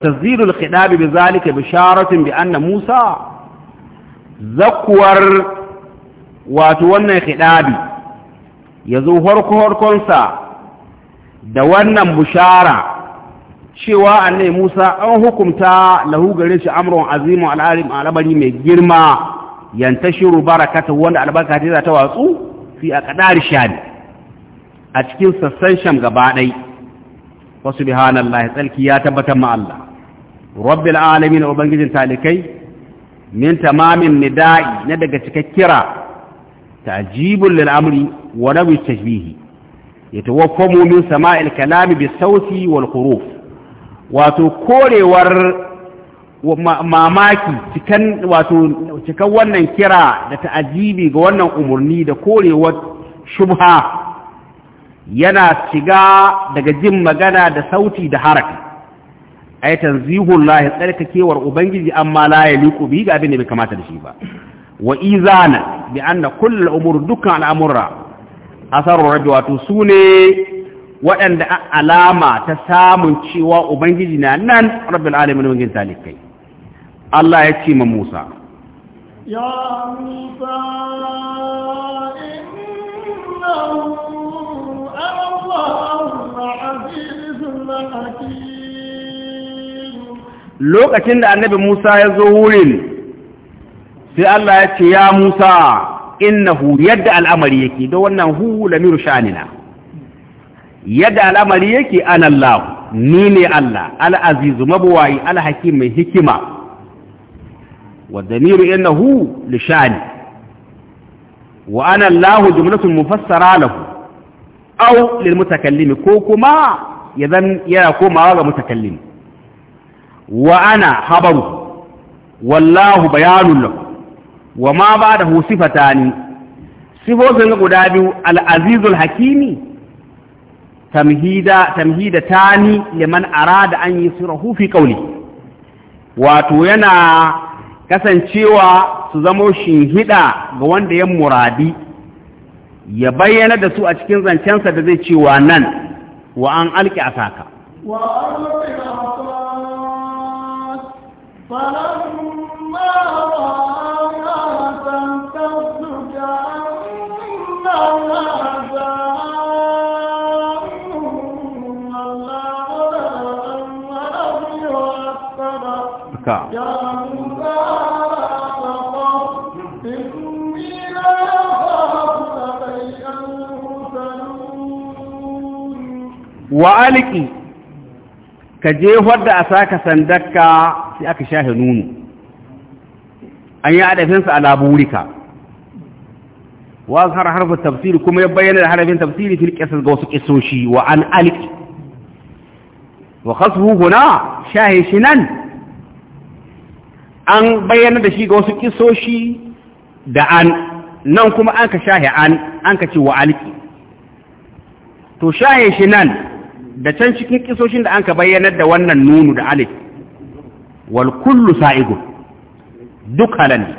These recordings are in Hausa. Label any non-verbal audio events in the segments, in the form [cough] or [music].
تزيد الخطاب بذلك بشارة بأن موسى ذكور واتوانا خطابي يزوهر كهر كنسا دوانا بشارة شواء أن موسى أو تا له قريش أمر عظيم العالم على بني مجرما ينتشر بركة وانا على بركة هذا تواصو في أقدار الشان أتكيل سسنشم قبعني وسبحان الله تلك يا تبتم الله rabbil alamin ubangijin talikai min tamamin nida'i na daga cikakkira tajibul lil amri wa nawi tashbihi yatawaffamu min sama'il kalami bi sauti wal huruf wato korewar mamaki cikan wato cikan wannan kira da ta'ajibi ga wannan umurni da korewar shubha yana shiga daga jin magana da sauti da haraka ai tanzihul lahi tsarkakewar ubangiji amma la liku. bi ga abin da bai kamata da shi ba wa izana bi anna kull umur dukkan al'amura asaru rabbi wato sune waɗanda alama ta samun cewa ubangiji na nan rabbil alamin ubangijin talikai Allah ya ce ma Musa ya Musa innahu Allahu azizun hakim lokacin da annabi Musa ya zo wurin sai Allah ya ce ya Musa innahu yadda al'amari yake don wannan hu lamiru shanina yadda al'amari yake an Allah ni ne Allah al'azizu mabuwayi alhakim mai hikima wadda niru innahu lishani wa an Allah jumlatul mufassara lahu au lil mutakallimi ko kuma ya yana komawa ga mutakallimi wa ana habaru wallahu bayanun lahu wa ma ba'dahu sifatani sifofin guda biyu al-azizul hakimi tamhida tamhida tani liman da an yi yusrahu fi qawli wato yana kasancewa su zamo shinhida ga wanda ya muradi ya bayyana da su a cikin zancensa da zai cewa nan wa an alki asaka wa an alki asaka فلما رآها تمتد كأنها نعم wa aliki ka jefar da a saka sandarka sai aka shahe nunu an yi adafinsa ala burika wa har harfin tafsiri kuma ya bayyana da harafin tafsiri fil qisas ga wasu qisoshi wa an alif wa khasfu huna shahe shi nan an bayyana da shi ga wasu qisoshi da an nan kuma an ka shahe an an ka ce wa aliki to shahe shi nan da can cikin kisoshin da an ka bayyanar da wannan nunu da alif wal kullu duk halal ta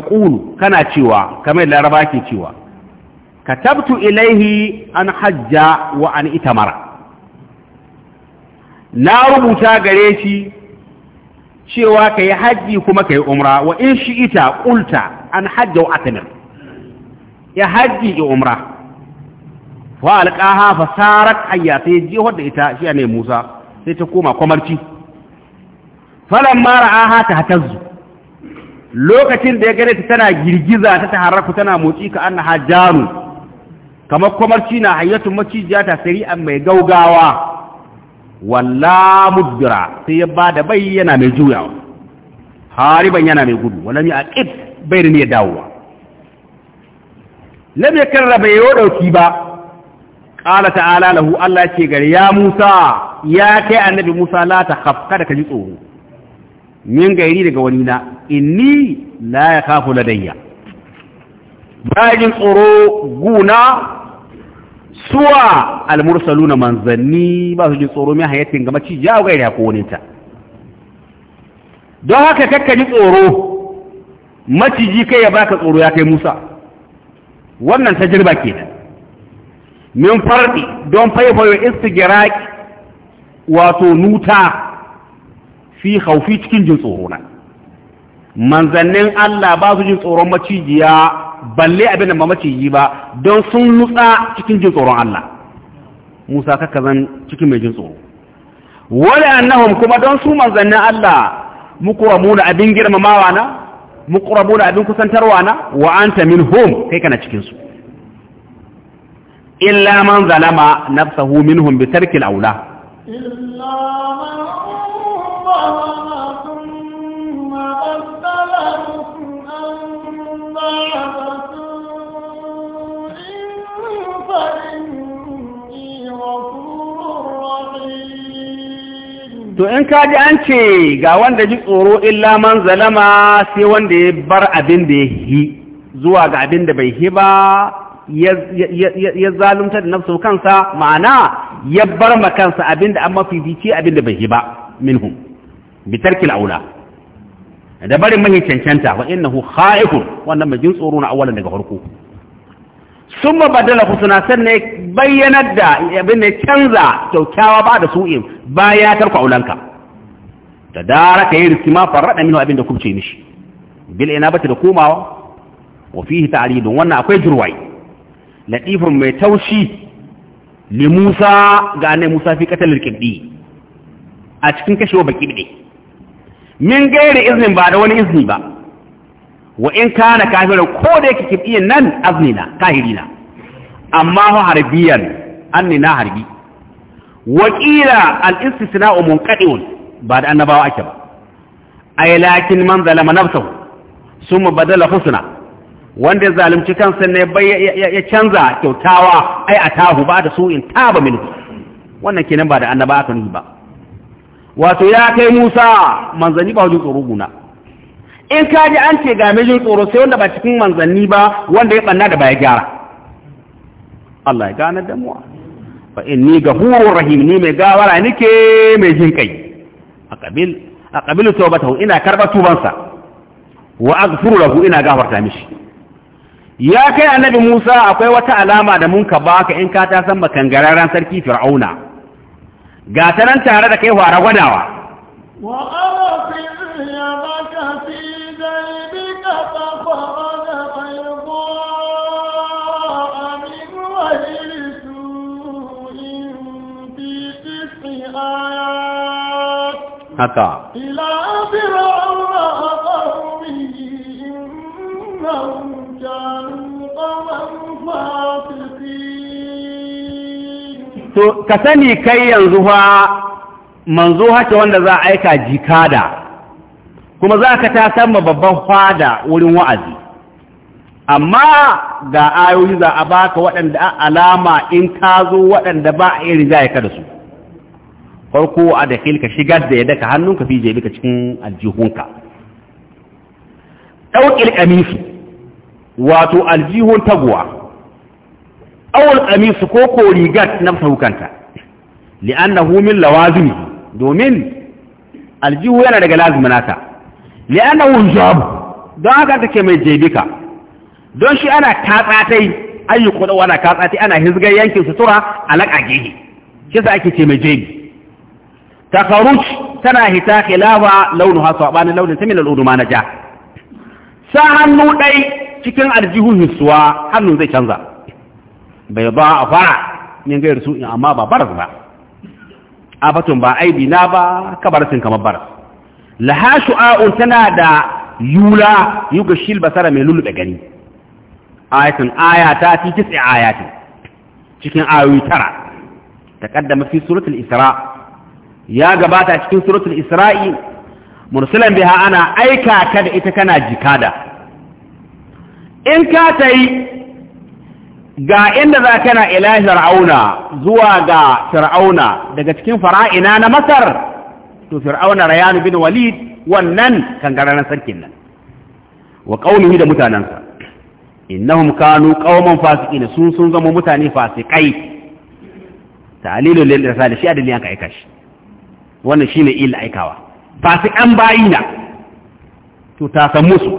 taqulu kana cewa kamar laraba ke cewa ka katabtu ilaihi an hajja wa an itamara na rubuta gare shi cewa ka yi hajji kuma ka yi umra wa in shi ita ƙulta an hajja wa atamir ya hajji ya umra wa alƙaha fasarar ayya sai jihar da ita shi ne musa sai ta koma kwamarci falan mara aha ta hatazzu lokacin da ya gane ta tana girgiza ta taharraku tana motsi ka an hajaru kamar kwamarci na hayyatun macijiya ta an mai gaugawa walla mudbira sai ya ba da bai yana mai juyawa hariban yana mai gudu wala ni aqib bai da ne dawowa lam yakarra bai yo dauki ba qala ta'ala lahu Allah ce gare ya Musa ya kai annabi Musa la ta khafka da kaji tsoro min gairi daga wani na inni la ya kafu ladayya bajin tsoro guna suwa na manzanni ba su ji tsoro mai hayatin ga maci jawo gairi a ta. don haka kakka ji tsoro maciji kai ya baka tsoro ya kai musa wannan jirba ke nan min farɗi don faifayo istigiraki wato nuta fi haufi cikin jin tsoro na manzannin Allah ba su jin tsoron macijiya balle abin da ba maciji ba don sun nutsa cikin jin tsoron Allah Musa kaka zan cikin mai jin tsoro wala annahum kuma don su manzannin Allah da abin girmamawa na da abin kusantarwa na wa anta minhum kai kana cikin su illa man zalama nafsahu minhum bi tarkil aula illa man to in ka ji an ce ga wanda ji tsoro illa man zalama sai wanda ya bar abin da ya yi zuwa ga abin da bai yi ba ya zalunta da nafsu kansa ma'ana ya bar ma kansa abin da an mafi mafifici abin da bai yi ba minhum bitarki aula da barin mahi cancanta wa innahu khaifun wannan mai jin tsoro na awalan daga farko summa badala husna sanne bayyanar da abin ne canza kyaukyawa ba da su'in baya tarku aulanka da ka yi riskima farrada min abin da ce mishi bil bata da komawa wa fihi ta'ridun wannan akwai jurwai latifun mai taushi li Musa ga Musa fi katalil kibdi a cikin kashewa bakibdi min gairi iznin ba da wani izini ba wa in kana kafiran ko da yake kibiyan nan aznina kahirina amma hu harbiyan annina harbi wa kila al istisna'u munqadi'un ba da annabawa ake ba ay lakin man zalama nafsahu summa badala husna wanda ya zalunci kansa ne bai ya canza kyautawa ai atahu ba da su in taba min wannan kenan ba da annabawa kan ba wato ya kai Musa manzanni ba hujin tsoro guna in ka ji an ce ga mijin tsoro sai wanda ba cikin manzanni ba wanda ya banna da ba ya gyara Allah ya gane da in fa ga hurun rahim ni mai gawara nike mai jin kai aqabil aqabilu tawbatahu ina karba tubansa wa aghfiru lahu ina gafarta mishi ya kai annabi Musa akwai wata alama da mun ka baka in ka ta san makan gararan sarki Fir'auna ga ta nan tare da kai fara gwadawa haka ila fir'auna qawmihi innahum kanu qawman to ka sani kai yanzu fa manzo haka wanda za a aika jikada kuma za ka ta ma babban fada wurin wa'azi amma ga ayoyi za a baka waɗanda alama in ka zo waɗanda ba a iri za yaka da su farko a da ka shigar da ya daka hannunka fi bi ka cikin aljihunka ɗauƙil ƙamisu wato aljihun taguwa awul qamisu ko ko rigat na saukanta li'annahu min lawazimi domin aljihu yana daga lazimin nata li'annahu jabu don haka take mai jebika don shi ana katsatai ayyuka da wani katsatai ana hizgar yankin sutura a laƙaƙe shi sa ake ce mai jebi takaruc tana hita khilafa launu hasu a launin tamin al'uduma na ja sa hannu ɗai cikin aljihun hisuwa hannu zai canza bai ba a fara yin gairu su amma ba baras ba batun ba aibi na ba kabarsin kamar baras Lahashu A'un tana da yula ga shil basara mai lulluɓe gani ayatun ayata fi tis'i ayati cikin ayoyi tara Ta kaddama fi suratul isra ya gabata cikin suratul isra'i mursalan biha ana aika ta da ita kana jikada in ka tayi ga inda za kana ila fir'auna zuwa ga fir'auna daga cikin fara'ina na masar to fir'auna rayan bin walid wannan kangararan sarkin nan wa qaulihi da mutanansa innahum kanu qauman fasiqina sun sun zama mutane fasikai ta'lilu lil irsal shi adali an ka aika shi wannan shine il aikawa fasikan bayina to ta san musu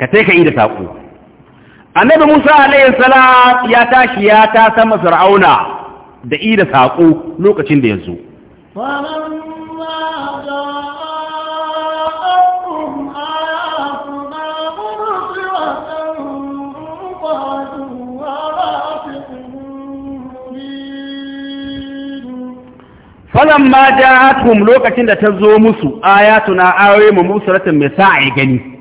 ka sai ka yi da sako annabi Musa alayhi salam ya tashi ya ta sama Fir'auna da ida saƙo lokacin da ya zo ma ja'atuhum lokacin da ta zo musu ayatuna ayoyi mu ratin mai sa'a gani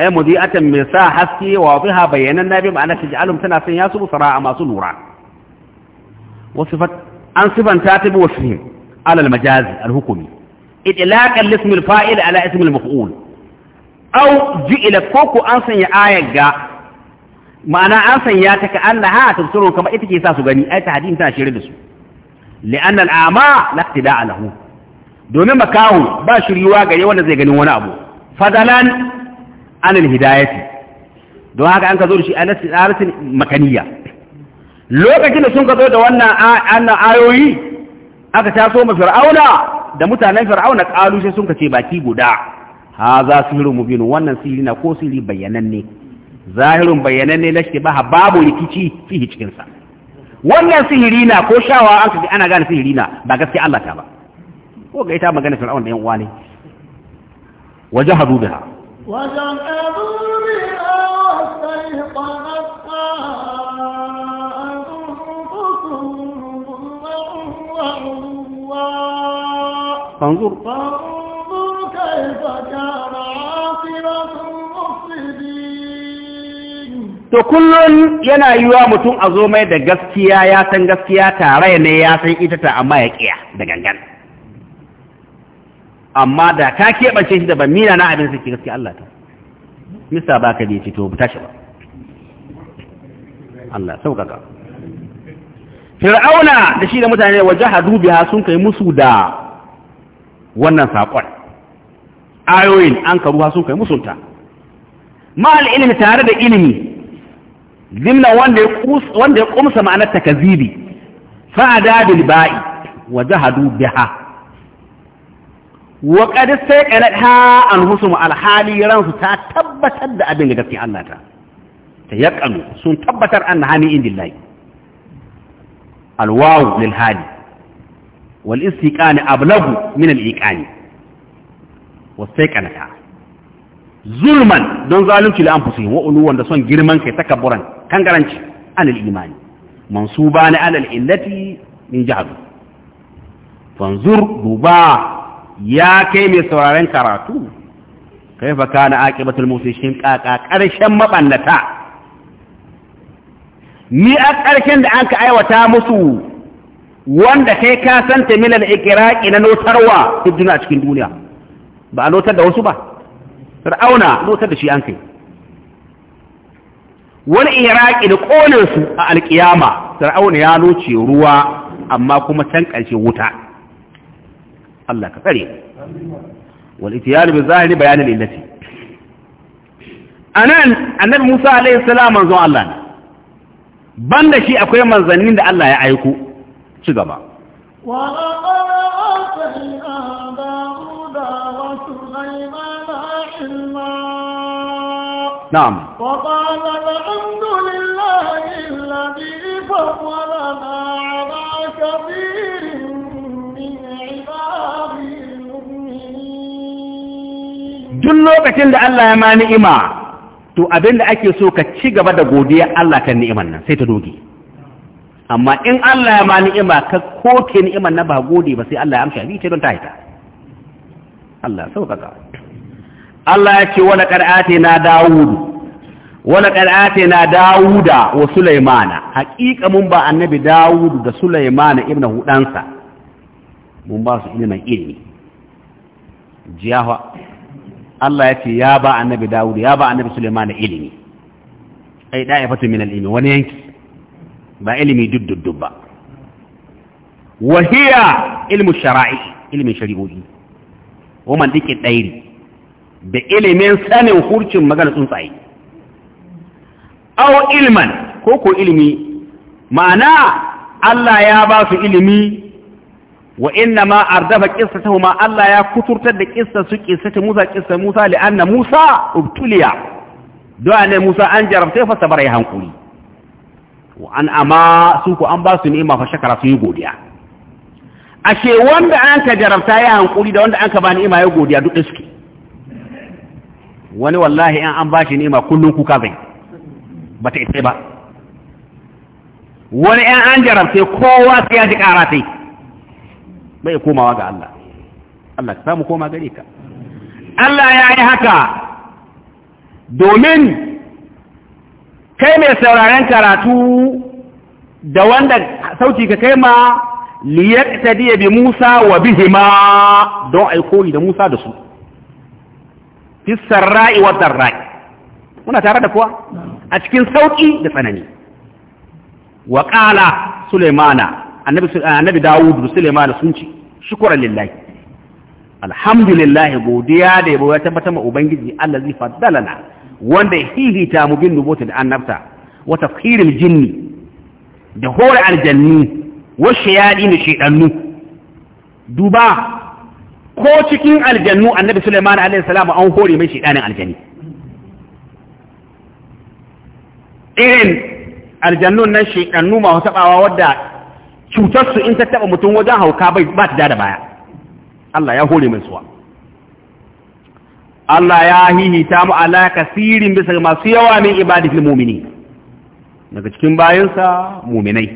ai mudi'atan mai sa haske wa biha bayanan nabi ma'ana taj'alum tana san yasu sara'a masu nura wasifat an sifanta ta bi wasfihim ala al-majazi al hukumi idlaqan li ismi al-fa'il ala ismi al-maf'ul aw ju'ila koko an sanya ayar ga ma'ana an sanya ta ka annaha tafsiru kama ita ke sa su gani ai tahdin tana shirye da su li'an al-a'ma la ihtida'a lahu domin makahu ba shiryuwa gare wanda zai ganin wani abu fadalan anil hidayati don haka an ka zo da shi anas arasin makaniya lokacin da sun ka zo da wannan ayoyi aka ta ma fir'auna da mutanen fir'auna kalu sai sun ka ce baki guda Ha za haza sihirun mubin wannan sihiri na ko sihiri bayyananne zahirun bayyananne lashke ba babu rikici fihi cikinsa. wannan sihiri na ko shawa an kaji ana gane sihiri na ba gaskiya Allah ta ba ko ga ita magana fir'auna da yan uwa ne wajahadu biha وجمعوا بها واستيقنت فانظر فانظر كيف كان عاقبة المفسدين to kullun yana yiwa mutum a zomai da gaskiya ya san gaskiya tare ne ya san ita ta amma ya kiya da gangan amma da ka keɓance shi da ban mina na abin suke gaske Allah ta misa ba ka ce to tashi ba Allah sauƙaƙa fir'auna da shi da mutane waje hadu biya sun kai musu da wannan saƙon ayoyin an karu ha sun kai musu ta, ma'al ilimi tare da ilimi zimna wanda ya kumsa ma'anar takazibi fa'ada bil ba'i waje hadu biha wa qad saqalatha anhusum alhali ransu ta tabbatar da abin da gaskiya Allah ta ta yaqanu sun tabbatar anna hani indillahi alwaw lil hali wal istiqan ablagu min al iqani wa saqalatha zulman don zalunci li anfusihim wa uluwan da son girman kai takabburan kangaranci anil imani mansuba ne alal illati in jahadu fanzur duba ya kai mai sauraren karatu kai fa kana aqibatul mufsishin qaqa karshen mabannata ni a karshen da aka aiwata musu wanda kai ka santa milal iqraqi na notarwa duk duniya cikin duniya ba a notar da wasu ba fir'auna notar da shi an kai wani iraki da ƙone su a alƙiyama fir'auna ya noce ruwa amma kuma can ƙarshe wuta الله كفري والاتيان بالظاهر بيان الإلتي أنا النبي موسى عليه السلام منزو الله بند شيء أكوية منزنين ده الله يعيكو شو دبا ولقد آتينا داود وسليمان علما نعم وقال الحمد لله الذي فضلنا على كثير duk lokacin da Allah ya ma ni'ima to abin da ake so ka ci gaba da godiya Allah kan ni'iman nan sai ta doge amma in Allah ya ma ni'ima ka koke ni'iman na ba gode ba sai Allah ya amsha ni ce don ta haita Allah sauƙaƙa Allah ya ce wala qara'ati na Dawud wala qara'ati na Dawuda wa Sulaimana haƙiƙa mun ba annabi Dawud da Sulaimana ibnu hudansa mun ba su ilimin ilimi jiyawa Allah ya ce ya ba annabi Dawud ya ba annabi Suleiman da ilimi ai da ifatu min al-ilmi wani yanki ba ilimi dudduddu ba wa hiya ilmu shara'i ilmin shari'o'i wa man dike dairi da ilimin sanin hurcin magana tsuntsaye aw ilman ko ko ilimi ma'ana Allah ya ba su ilimi wa inna ma ardafa qissatuhuma Allah ya kuturtar da qissar su qissatu Musa qissar Musa li'anna Musa ubtuliya do'a ne Musa an jarabta fa sabara ya hankuli? wa an ama su ku an ba su ni'ima fa shakara su yi godiya ashe wanda an ka jarabta ya hankuli da wanda an ka ba ni'ima ya godiya duk da suke wani wallahi in an ba shi ni'ima kullun kuka zai bata ita ba wani an jarabta kowa sai ya ji karatai bai komawa ga Allah Allah samu koma gare ka Allah ya yi haka domin kai mai sauraren karatu da wanda sauti ka kai ma liyaqtadiya bi Musa wa bihima don ai koyi da Musa da su fi sarra'i wa darra'i muna tare da kuwa a cikin sauki da tsanani wa qala Sulaimana Eh, annabi dawud da suleiman sun ci shukuran lillahi alhamdulillah godiya da yabo ya tabbatar ma ubangiji Allah allazi faddalana wanda ya hihita mu bin nubuta da annabta wa tafkhiril jinni da hore aljanni wa shayadi ne shedannu duba ko cikin aljannu annabi suleiman alaihi salam an hore mai shedanin aljanni irin aljannun nan shedannu ma tabawa wadda Cutarsu in ta taɓa mutum wajen hauka bai ba ta da baya Allah ya hore min suwa Allah ya hihita mu ala kasirin bisa masu yawa min ibadatul mu'mini daga cikin bayansa mu'minai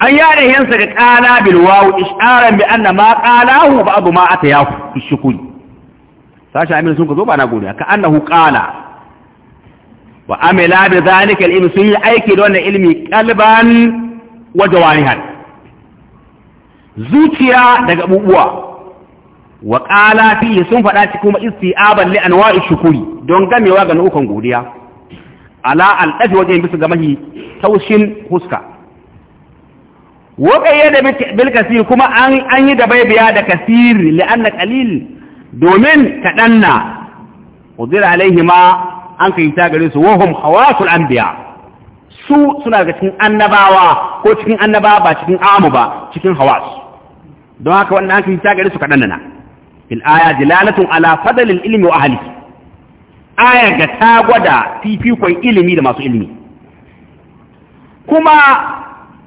an yare hinsa ga qala bil wawu isharan bi anna ma qalahu ba'd ma atayahu shukuri sashi amin sun ka zo ba na godiya ka annahu qala wa amila bi zalika al sun yi aiki da wannan ilmi qalban wa jawarihan zuciya daga bubuwa wa qala sun faɗa cikin kuma aban li anwa'i shukuri don gamewa ga na'ukan godiya ala al wajen bisu ga mahi taushin huska wa qayyada bil kuma an yi da baibiya da kasir li anna qalil domin kadanna udira alaihi ma an kai ta gare su wahum hawasul biya. su suna ga cikin annabawa ko cikin annaba ba cikin amu ba cikin hawas don haka wannan an ta gare su kadan nana fil aya dilalatun ala fadl al ilmi wa ahli aya ga ta gwada fifikon ilimi da masu ilimi kuma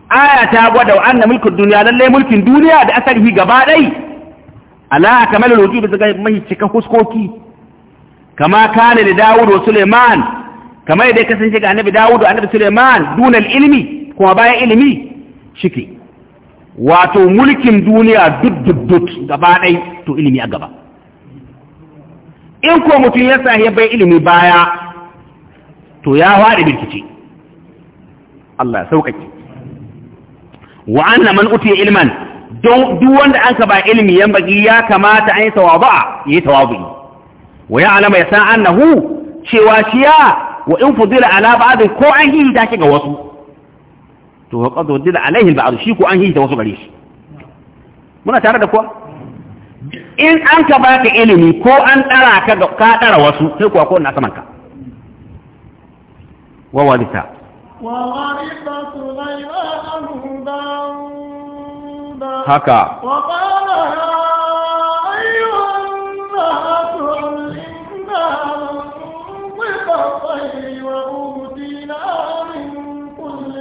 aya ta gwada wa anna mulkin duniya lalle mulkin duniya da asarfi gaba dai ala kamal wujubi wujud daga mai cika huskoki kama kana da Dawud wa suleiman kamar yadda ya kasance ga annabi dawudu annabi Sulaiman dunal ilmi kuma bayan ilimi shike wato mulkin duniya duk duk duk gaba dai to ilimi a gaba in ko mutum ya sahi bai ilimi baya to ya faɗi birkice Allah sauƙaƙe wa anna man utiya ilman don duk wanda an ba ilimi yan baki ya kamata an yi tawabu'a yi tawabu'i wa ya alama ya san annahu cewa shi ya wa in fudila ala ba'd ko an hihita shi ga wasu to wa qad fudila alaihi ba'd shi ko an hihita wasu gare shi muna tare da kuwa in an ka baka ilimi ko an dara ka ka dara wasu sai kuwa ko na saman ka wa walita wa walita sulaymanu haka wa qala الخير وأوتينا من كل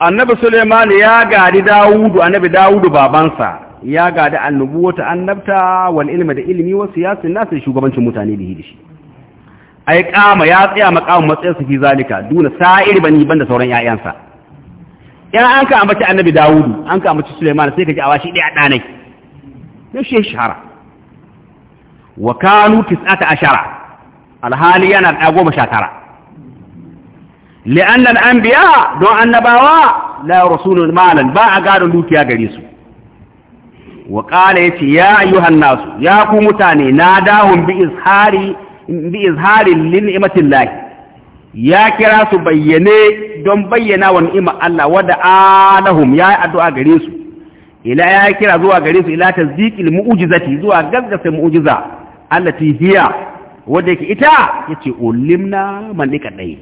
annabi Suleiman ya gadi Dawudu annabi Dawudu babansa ya gadi annubuwata annabta wal ilmi da ilmi wa na sai shugabancin mutane da shi ai kama ya tsaya makamin matsayin su fi zalika duna sa'ir bani banda sauran ƴaƴansa yan an ka ambaci annabi dawudu an ka ambaci suleiman sai ka ji awashi ɗaya ɗanai yaushe shahara wa kanu tis'ata ashara alhali yana da goma sha tara li'anna al-anbiya don annabawa la rasulul malan ba a gadon dukiya gare su wa qala yace ya ayyuhan nasu ya ku mutane na dahum bi izhari bi izhari lin ni'matillah ya kira su bayyane don bayyana wa ni'ima Allah wada alahum ya yi addu'a gare su ila ya kira zuwa gare su ila ta zikil mu’ujizati zuwa gaggasa ta allati hiya wadda yake ita ya ce, Olimna mallika ɗaya.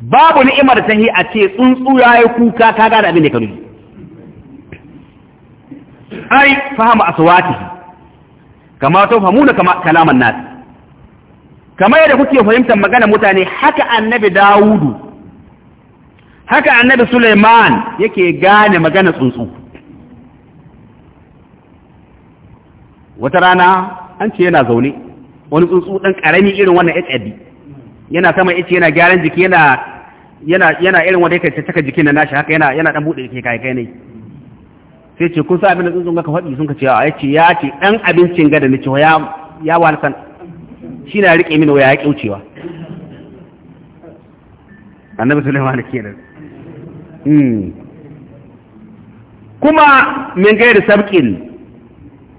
babu ni'imar ta yi a ce tsuntsu ya yi kuka ka ga da abin da ka nufi ai fahama kamar ta tafhamuna da kalaman nasi. kamar yadda kuke fahimtar magana mutane haka annabi dawudu haka annabi suleiman yake gane magana tsuntsu wata rana an ce yana zaune wani tsuntsu ɗan ƙarami irin wannan hd yana sama ice yana gyaran jiki yana yana yana irin wanda yake taka jikin na nashi haka yana yana dan bude jiki kai kai ne sai ce kun sa abin da tsuntsun ka faɗi sun ka ce ya ce ya ce dan abincin gada ne ce ya ya walsan shi na riƙe mini waya ya kyaucewa annabi sulaiman kenan hmm. kuma min da sabqin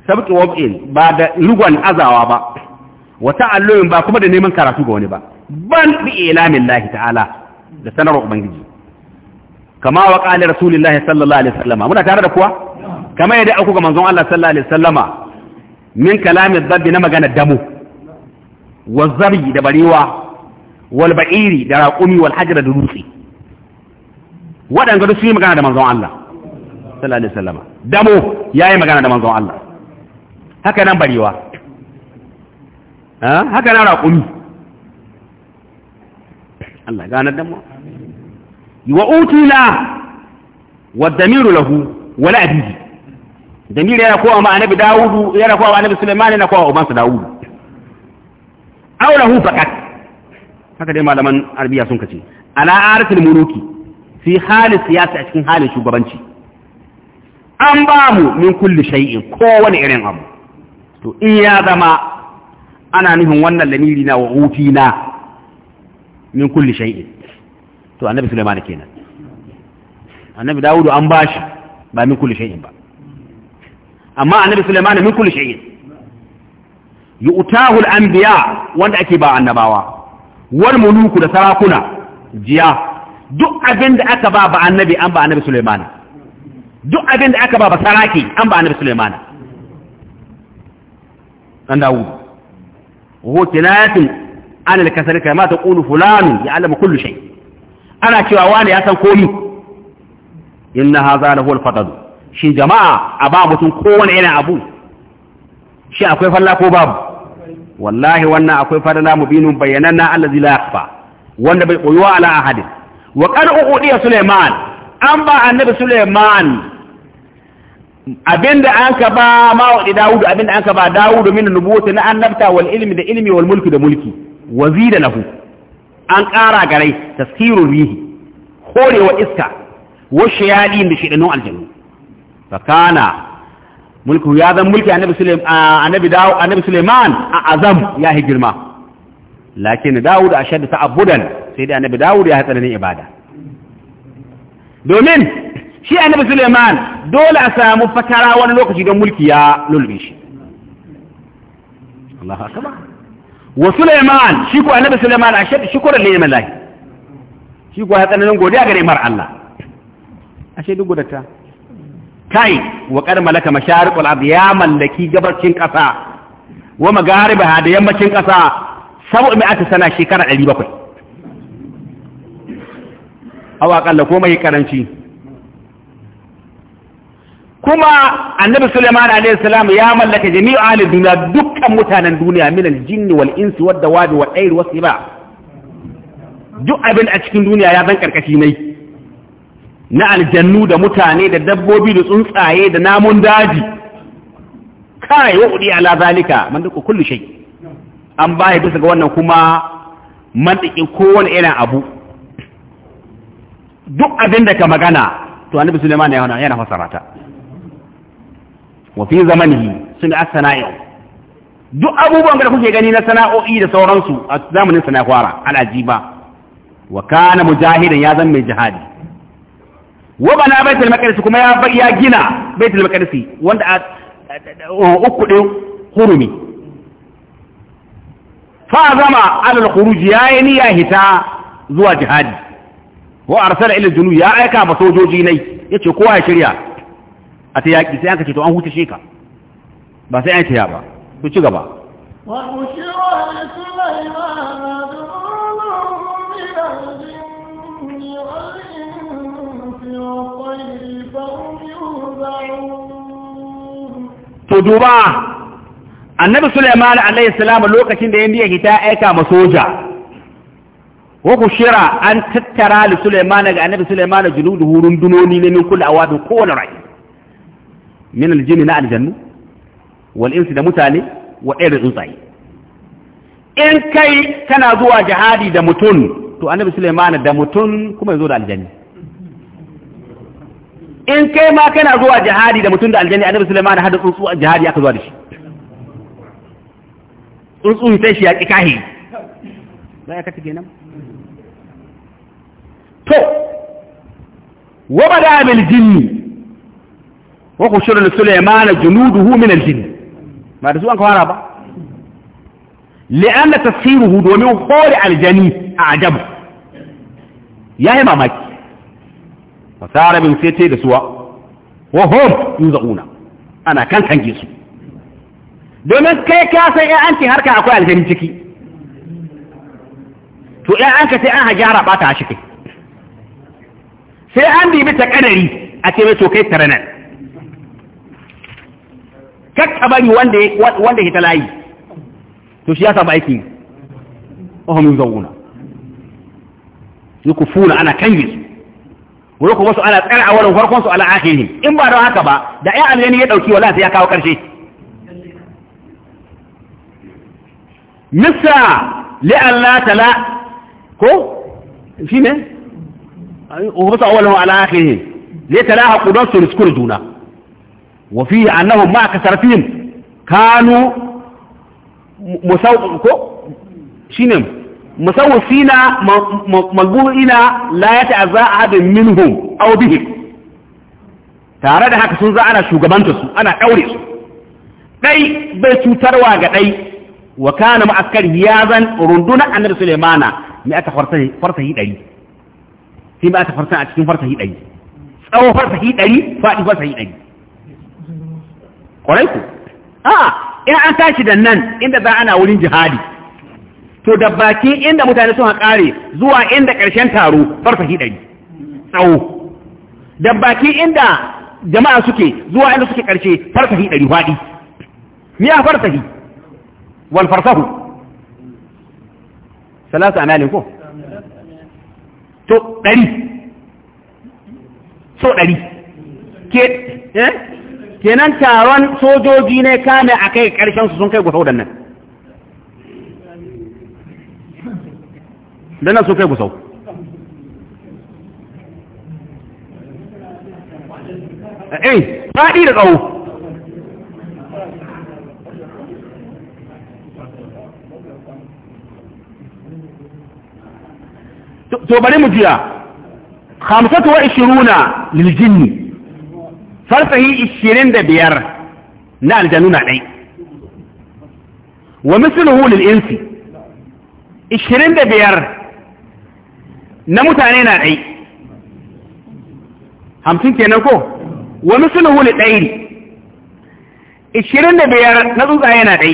sabqin wab'in ba da rugon azawa ba wa ta'allumin ba kuma da neman karatu ga wani ba ban bi ilamin lahi ta'ala da sanarwar ubangiji kama wa qala rasulullahi sallallahu alaihi wasallama muna tare da kuwa kama yadda aku ga manzon Allah sallallahu alaihi wasallama min kalamin dabbi na magana damu wa zargi da barewa wal ba'iri da raƙumi wal hajar da dutse waɗanda duk su yi magana da manzon Allah sallallahu alaihi wasallam damo yayi magana da manzon Allah haka nan barewa haka nan raƙumi Allah ganar da mu wa utuna wa damiru lahu wala abidi damir yana kowa ma annabi dawudu yana yana ubansa dawudu aulahu faqat haka dai malaman arabiya sun kace ala aratul muluki fi hali siyasa a cikin halin shugabanci an ba mu min kulli shay'in wani irin abu to in ya zama ana nufin wannan lamiri na wa na min kulli shay'in to annabi sulaiman kenan annabi dawudu an bashi ba min kulli shay'in ba amma annabi sulaiman min kulli shay'in Yi an biya wanda ake ba annabawa wal muluku da sarakuna jiya duk abin da aka ba ba annabi an ba annabi Sulaimana duk abin da aka ba ba saraki an ba annabi Sulaimana dan Dawud wa kinayatin an al-kasar ma ta qulu fulan ya'lamu kullu shay ana cewa wani ya san komai inna hadha lahu al-fadl shi jama'a a ba mutum kowane irin abu shi akwai falla ko babu wallahi wannan akwai fadala mubinun na Allah la yakhfa wanda bai wa ala ahadin wa qad uqudiya Sulaiman an ba annabi Sulaiman abinda an ka ba mawadi Dawud abinda an ka ba Dawud min nubuwati na annabta wal ilmi da ilmi wal mulki da mulki wazida lahu an ƙara garai taskirun rihi horewa iska wa shayalin da shedanun aljannu fakana mulku ya zan mulki annabi Suleiman annabi annabi Suleiman a azam ya hi girma lakin Dawud ashadda ta'abbudan sai da annabi Dawud ya hatsara ne ibada domin shi annabi Suleiman dole a samu fatara wani lokaci don mulki ya lulbe shi Allahu akbar wa Suleiman shi ko annabi Suleiman ashadda shukran lil lahi shi ko ya tsananin godiya gare mar Allah ashe duk gudata kai wa qad malaka mashariqul ard ya mallaki gabacin kasa wa magaribaha da yammacin kasa sabu mai ata sana shekara 700 aw aqalla ko mai karanci kuma annabi Sulaiman alaihi salam ya mallaka jami'u ahli duniya dukkan mutanen duniya min al-jinni wal insi wad dawabi wal ayr was duk abin a cikin duniya ya zan karkashi ne na aljannu da mutane da dabbobi da tsuntsaye da namun daji kai wa kudi ala zalika man duka kullu shay an baya bisa ga wannan kuma man dake kowane irin abu duk abin da ka magana to annabi Sulaiman yana yana fasarata wa fi zamanihi sun as-sana'i duk abubuwan da kuke gani na sana'o'i da sauransu a zamanin sana'a kwara al'ajiba wa kana mujahidan ya zan mai jihadi wa bana baitul maqdis kuma ya ya gina baitul maqdis wanda uku din hurumi fa zama alal khuruj ya ni ya hita zuwa jihadi wa arsala ila junu ya aika ba sojoji nai yace kowa ya shirya a ta yaki sai aka ce to an huce sheka ba sai an tiya ba ku ci gaba wa ushira sulaiman min to duba annabi Suleiman alayhi salam lokacin da ya hita aika ma soja wa kushira an tattara li Suleiman ga annabi Sulaiman junuduhu dunoni ne min a awadin kowane rai min aljinni na aljannu wal insi da mutane wa ɗaya tsuntsaye in kai kana zuwa jihadi da mutum to annabi Suleiman da mutum kuma yazo da aljanni in kai ma kana zuwa jihadi da mutum da aljanni annabi sulaiman hada tsuntsu jihadi aka zuwa da shi tsuntsu sai shi ya ki kahi baya ka tige nan to wa bada bil jinn wa khushuru sulaiman junuduhu min al jinn ma da su an kawara ba li'anna tasfiruhu domin khori aljani a ajabu yayi mamaki fasara bin sai ce da suwa wa hum yuzauna ana kan kange su domin kai ka san ya an ce harka akwai aljani ciki to ya an ka sai an hajara bata a shi sai an bibi ta kadari a ce mai to kai tare nan kakka bari wanda wanda ke talayi to shi ya samu aiki ohun yuzauna yukufuna ana kange su wuri kuma su ana tsara a wurin farkon su ala in ba don haka ba da ai aljani ya dauki wa sai ya kawo karshe misa li Allah tala ko shine وبس أولهم على آخرهم juna. نفس الاسكور دونه sarfin أنهم مع ko shi ne mu? musawwifina malbu'ina la ya ta'azza ahadin minhum aw bihim tare da haka sun za ana shugabanta su ana daure su dai bai cutarwa ga dai wa kana ma'askar yazan runduna annabi sulaimana me aka farsahi farsahi dari sai ba aka farsahi a cikin farsahi dari tsawo farsahi dari fadi farsahi dari kwarai ku a in an tashi da nan inda za ana wurin jihadi to da baki inda mutane suna kare zuwa inda ƙarshen taro farfahi ɗari tsawo da baki inda jama'a suke zuwa inda suke ƙarshe farfahi ɗari faɗi miya farfashi wal farsahu salasa amali ko to ɗari so ɗari ke eh kenan taron sojoji ne kame a kai ƙarshen su sun kai gusau nan ده ناس وكيف صوت ايه ما قيل او توبالي مجيا خامسة وعشرون للجن فرصه الشرين ده بيار نال جنون علي ومثله للإنس الشرين ده بيار na mutane na ɗai hamsin kenan ko wani sulhu li ɗairi ishirin da biyar na tsuntsaye na ɗai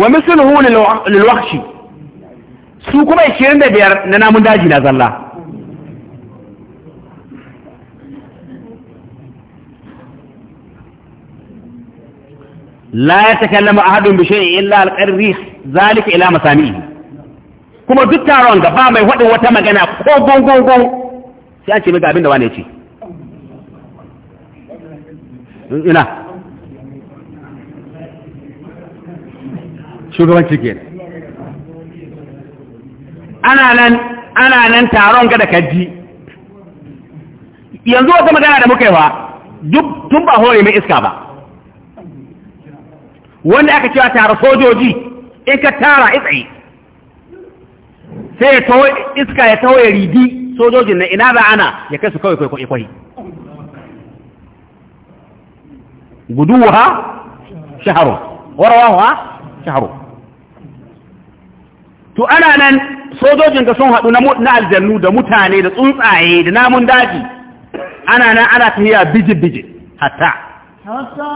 wani sulhu li wakshi su kuma ishirin da biyar na namun daji na zalla لا يتكلم أحد بشيء illa القريح zalika إلى مسامعه kuma duk taron da ba mai faɗin wata magana ko gongongon sai an ce mai ga abin da wane ce ina shugabanci ke ana nan ana nan taron ga da kaji yanzu wata magana da muka yi wa duk tun ba hori mai iska ba wanda aka cewa tara sojoji in ka tara itsaye sai ya iska ya tawo ya ridi sojojin na ina za ana ya kai su kawai kwaikwai? kwai kwai ha shaharu warawa shaharu to ana nan sojojin da sun haɗu na aljannu da mutane da tsuntsaye da namun daji ana nan ana tafiya bijin bijin hatta hatta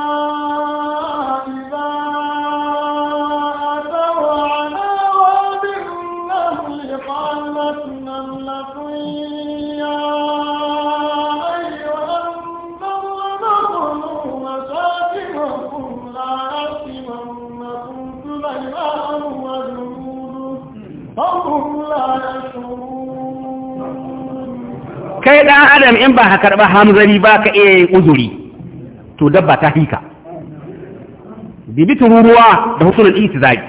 kai dan adam in ba ka karba hamzari ba ka iya yin uzuri to dabba ta fi ka. bibi tururuwa da husulul itizaj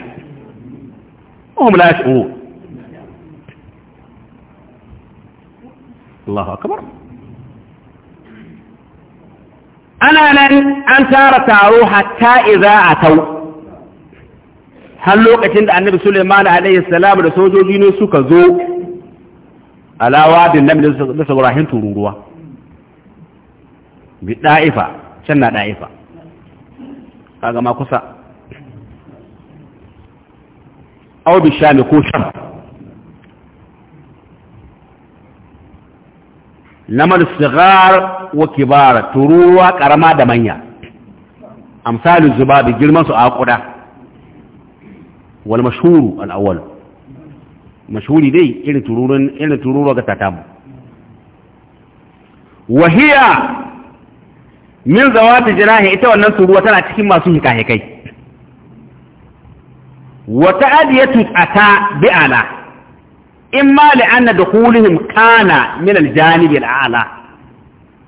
hum la yash'urun Allahu akbar ana nan an tara taro hatta idza atau har lokacin da annabi Sulaiman alaihi salam da sojoji ne suka zo alawadin nabi da saurahin tururuwa bi da'ifa can na da'ifa kaga ma kusa aw bi shami ko sham lamar sigar wa kibara tururuwa karama da manya amsalin zubabi girman su a kuda wal mashhuru al awwal mashuri dai irin tururun irin tururo ga tatamu wahiya min zawati jinahi ita wannan turuwa tana cikin masu hikahikai wa ta ata bi'ala imma li'anna dukhuluhum kana min al-janib al al'ala.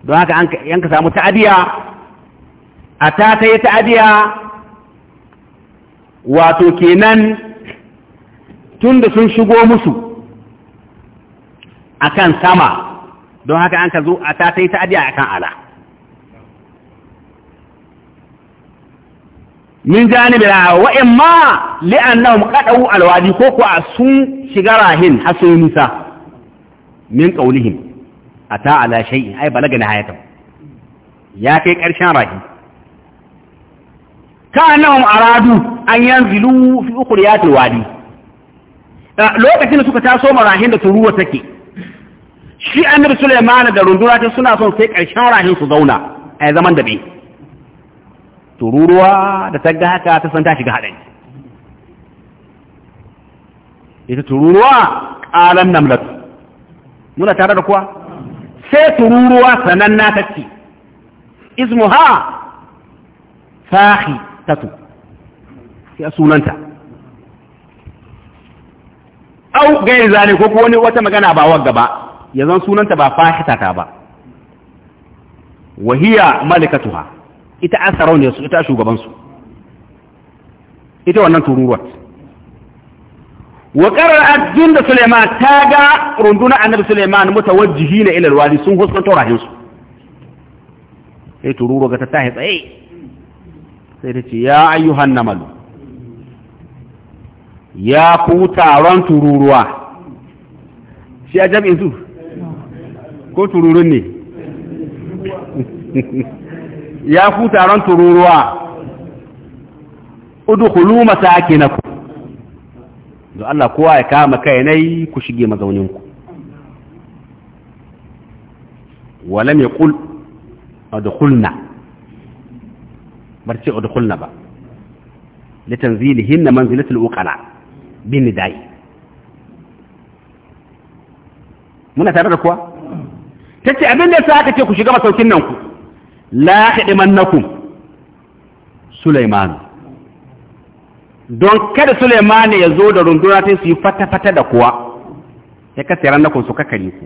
don haka an yanka samu ta'adiya ata ta yi ta'adiya wato kenan tun da sun shigo musu akan sama don haka an ka zo a ta ta yi a akan ala min janibi bila wa mu li'annahum qadau alwadi ko kuwa sun shiga rahin hasu nisa min a ta ala shay'in ai balaga nihayatan ya kai ƙarshen rahi ka annahum aradu an yanzilu fi ukhriyat alwadi lokacin da suka taso marahin da turuwa take shi annabi Sulaiman da rundura ta suna son sai karshen rahin su zauna a zaman da bai tururuwa da ta ga haka ta san ta shiga haɗari ita tururuwa ƙalan namlat muna tare da kuwa sai tururuwa sanan na tacci ismuha sahi tatu sai sunanta gairi zane ko wani wata magana ba wagga ba ya zan sunanta ba fahita ta ba wahiya malikatuha ita asarau ne su ita shugaban su ita wannan tururuwar wakarar qara'at da Suleiman ta ga runduna annabi Suleiman mutawajjihina ila alwadi sun huskanto rahin su sai tururuwa ga ta tahi tsaye sai ta ce ya ayyuhan namalu ya ku taron tururuwa shi a jam'in su ko tururun ne [laughs] ya ku taron tururuwa na ku don Allah kowa ya kama kai na yi ku shige mazauninku mai walam yaqul adkhulna barci adkhulna ba litanzilihinna manzilatul ukala bin dai muna tare da kuwa tace abin da sa aka ce ku shiga masaukin nan ku la hidimannakum Suleiman, don kada Sulaiman ya zo da runduna ta su yi fata-fata da kuwa ya kasance ranakun su kakare ku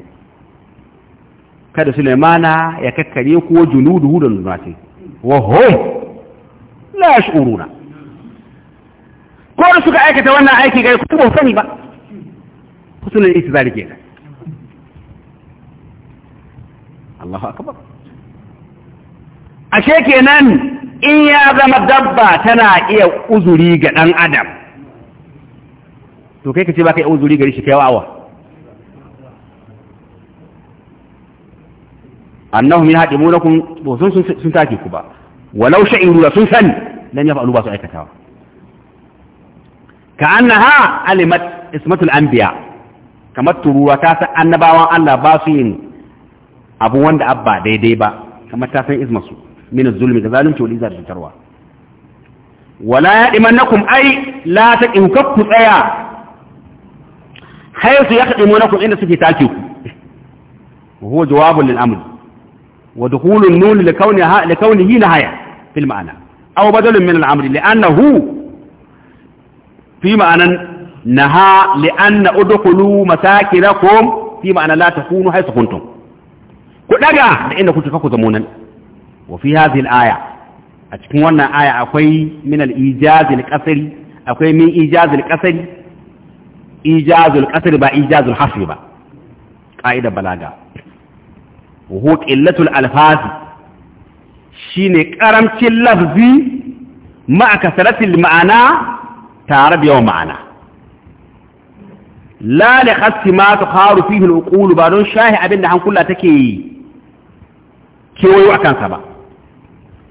kada Sulaimana ya kakkare ku junuduhu da runduna ta wa hum la yash'uruna ko da suka aikata wannan aiki gari, ku ba sani ba husnul itizari kenan Allahu akbar ashe kenan in ya zama dabba tana iya uzuri ga dan adam to kai ka ce ba yi uzuri gari shi kai wawa annahum yahdimunakum sun sun take ku ba walau sha'iru sun san lan yaf'alu ba su aikatawa كأنها علمت اسمة الأنبياء كما تروا تاسا أنباوا الله باسين أبو واند أبا دي ديبا كما تاسا اسمه من الظلم كذلك والإزار الجروة ولا يأمنكم أي لا تكن كف أيا حيث يخدمونكم إن سكي تاكيو وهو جواب للأمر ودخول النون لكونه, لكونه نهاية في المعنى أو بدل من الأمر لأنه في معنى نهى لأن أدخلوا مساكنكم في معنى لا تكونوا حيث كنتم كدغا لأن كنت فكو زمونا وفي هذه الآية أتكون آية أخي من الإيجاز الكثري أخي من إيجاز الكثري إيجاز الكثري با إيجاز الحصر با قائدة بلاغا وهو قلة الألفاظ شيني كرمتي اللفظي مع كثرة المعنى tare da yawan ma'ana la li khassi ma tukharu ba don shahi abin da hankula take kewayo a kansa ba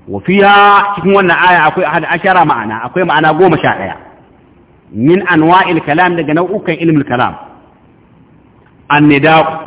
wafiya cikin wannan aya akwai ahad ashara ma'ana akwai ma'ana goma sha ɗaya min anwa'il kalam daga nau'ukan ilmul kalam annida